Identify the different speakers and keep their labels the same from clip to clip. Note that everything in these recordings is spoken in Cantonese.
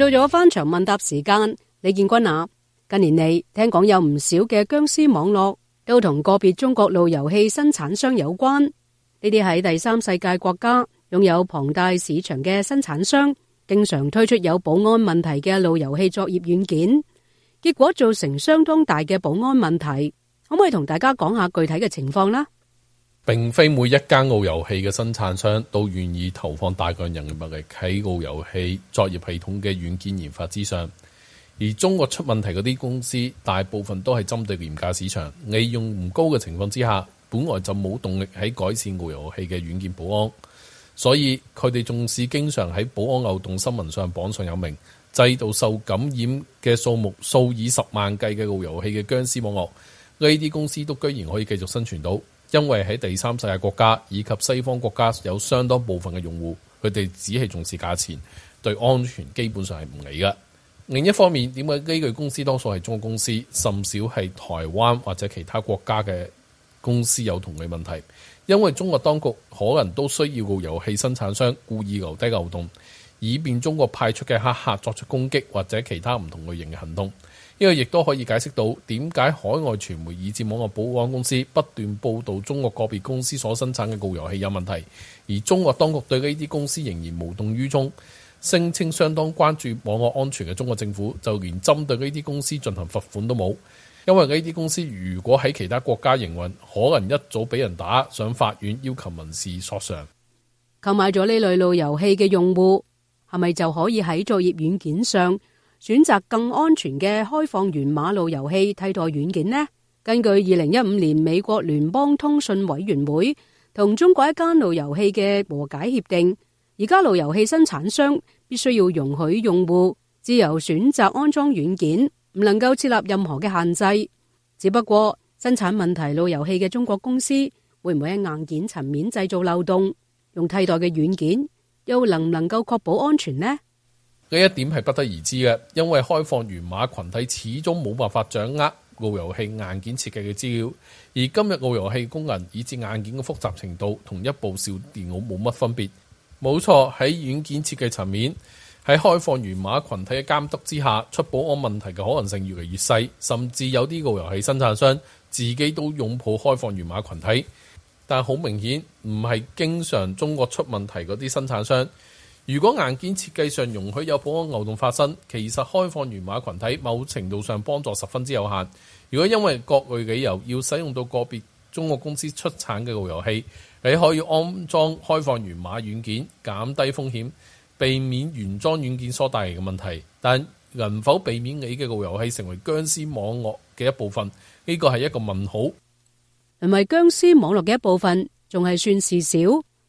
Speaker 1: 到咗翻牆問答時間，李建軍啊，近年嚟聽講有唔少嘅殭屍網絡都同個別中國路由器生產商有關。呢啲喺第三世界國家擁有龐大市場嘅生產商，經常推出有保安問題嘅路由器作業軟件，結果造成相當大嘅保安問題。可唔可以同大家講下具體嘅情況啦？
Speaker 2: 並非每一間路由器嘅生產商都願意投放大量人力物力喺路由器作業系統嘅軟件研發之上，而中國出問題嗰啲公司，大部分都係針對廉價市場，利潤唔高嘅情況之下，本來就冇動力喺改善路由器嘅軟件保安，所以佢哋仲係經常喺保安漏洞新聞上榜上有名，制度受感染嘅數目數以十萬計嘅路由器嘅僵屍網絡，呢啲公司都居然可以繼續生存到。因為喺第三世界國家以及西方國家有相當部分嘅用戶，佢哋只係重視價錢，對安全基本上係唔理㗎。另一方面，點解呢啲公司多數係中國公司，甚少係台灣或者其他國家嘅公司有同類問題？因為中國當局可能都需要個遊戲生產商故意留低漏洞。以便中國派出嘅黑客，客作出攻擊或者其他唔同類型嘅行動，呢個亦都可以解釋到點解海外傳媒以至網絡保安公司不斷報導中國個別公司所生產嘅路由器有問題，而中國當局對呢啲公司仍然無動於衷，聲稱相當關注網絡安全嘅中國政府，就連針對呢啲公司進行罰款都冇，因為呢啲公司如果喺其他國家營運，可能一早俾人打上法院要求民事索償。
Speaker 1: 購買咗呢類路由器嘅用戶。係咪就可以喺作業軟件上選擇更安全嘅開放源碼路由器替代軟件呢？根據二零一五年美國聯邦通訊委員會同中國一間路由器嘅和解協定，而家路由器生產商必須要容許用戶自由選擇安裝軟件，唔能夠設立任何嘅限制。只不過生產問題路由器嘅中國公司會唔會喺硬件層面製造漏洞，用替代嘅軟件？又能唔能夠確保安全呢？
Speaker 2: 呢一點係不得而知嘅，因為開放源碼群體始終冇辦法掌握路由器硬件設計嘅資料，而今日路由器功能以至硬件嘅複雜程度，同一部小電腦冇乜分別。冇錯，喺軟件設計層面，喺開放源碼群體嘅監督之下，出保安問題嘅可能性越嚟越細，甚至有啲路由器生產商自己都擁抱開放源碼群體。但好明顯唔係經常中國出問題嗰啲生產商。如果硬件設計上容許有保安漏洞發生，其實開放源碼群體某程度上幫助十分之有限。如果因為各類理由要使用到個別中國公司出產嘅路由器，你可以安裝開放源碼軟件減低風險，避免原裝軟件所帶嚟嘅問題。但能否避免你嘅路由器成為殭屍網絡嘅一部分？呢個係一個問號。
Speaker 1: 係咪殭屍網絡嘅一部分，仲係算事小；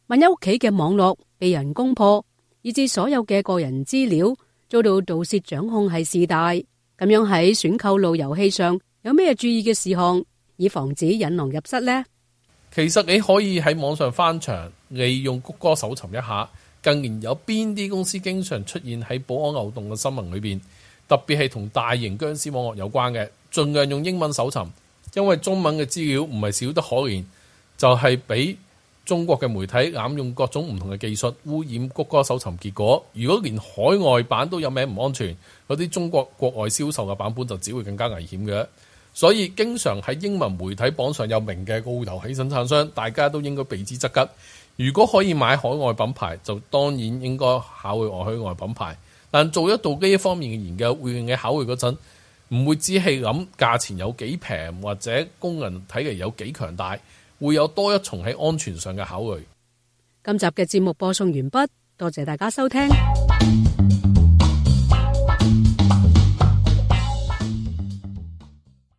Speaker 1: 萬一屋企嘅網絡被人攻破，以致所有嘅個人資料遭到盜竊掌控，係事大。咁樣喺選購路由器上，有咩注意嘅事項，以防止引狼入室呢？
Speaker 2: 其實你可以喺網上翻牆，利用谷歌搜尋一下近年有邊啲公司經常出現喺保安漏洞嘅新聞裏邊，特別係同大型殭屍網絡有關嘅，盡量用英文搜尋。因為中文嘅資料唔係少得可憐，就係俾中國嘅媒體濫用各種唔同嘅技術污染谷歌搜尋結果。如果連海外版都有名唔安全，嗰啲中國國外銷售嘅版本就只會更加危險嘅。所以經常喺英文媒體榜上有名嘅澳頭起生產商，大家都應該避之則吉。如果可以買海外品牌，就當然應該考慮外海外品牌。但做一做呢方面嘅研究，會令你考慮嗰陣。唔會只係諗價錢有幾平，或者功能睇嚟有幾強大，會有多一重喺安全上嘅考慮。
Speaker 1: 今集嘅節目播送完畢，多謝大家收聽。